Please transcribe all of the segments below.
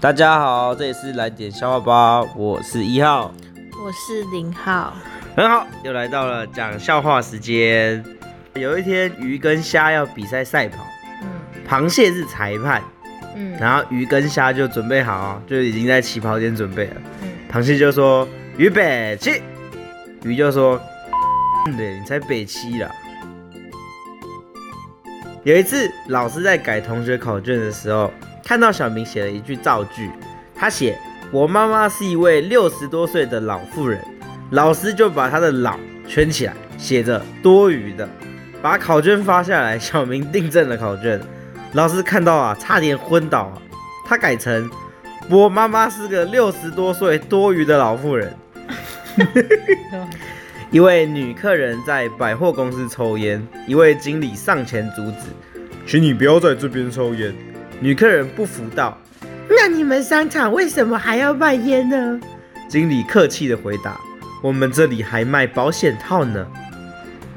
大家好，這裡是來點笑話吧。我是一號，我是零號。很好，又來到了講笑話時間。有一天，魚跟蝦要比賽賽跑，嗯，螃蟹是裁判，嗯、然後魚跟蝦就準備好，就已經在起跑點準備了。嗯、螃蟹就說魚北七，魚就說，對、嗯、你才北七啦。有一次，老師在改同學考卷的時候。看到小明寫了一句造句，他寫“我媽媽是一位六十多歲的老婦人”，老師就把他的“老”圈起來，寫着多餘的。把考卷發下來，小明訂正了考卷，老師看到啊，差點昏倒。他改成“我媽媽是個六十多歲多餘的老婦人。” 一位女客人在百貨公司抽煙，一位經理上前阻止：“請你不要在這邊抽煙。”女客人不服道：“那你們商場為什麼還要賣煙呢？”經理客氣地回答：“我們這裡還賣保險套呢。”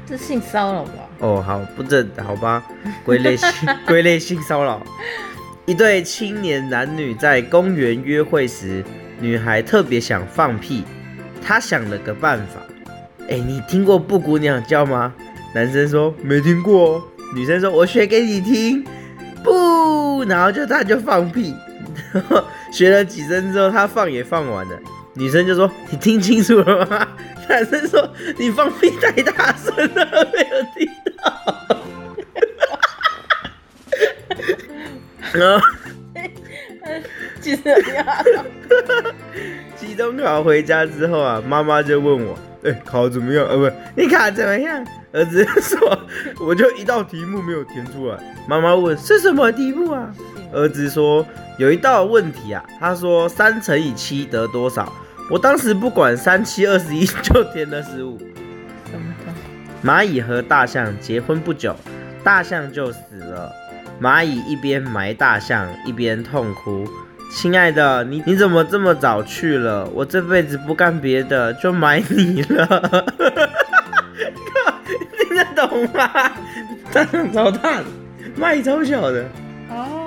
這性騷擾吧？哦，好不正好吧？歸類性 歸類性騷擾。一對青年男女在公園約會時，女孩特別想放屁，她想了個辦法。哎，你聽過布谷鳥叫嗎？男生說沒聽過。女生說：“我學給你聽。”不，然後就他就放屁， 然後學了幾聲之後，他放也放完了。女生就說：“你聽清楚了嗎？”男生說：“你放屁太大聲了，沒有聽到。 其實很”啊，怎麼樣？哈哈哈哈哈！期中考回家之後啊，媽媽就問我。哎、欸，考得怎麼樣？呃、啊，不，你考得怎麼樣？兒子說，我就一道題目沒有填出來。媽媽問是什麼題目啊？兒子說有一道問題啊，他說三乘以七得多少？我當時不管三七二十一就填了十五。什麼的？螞蟻和大象結婚不久，大象就死了，螞蟻一邊埋大象一邊痛哭，親愛的，你你怎麼這麼早去了？我這輩子不幹別的，就買你了。 你，你懂嗎？當早大的，賣早小的。哦、啊。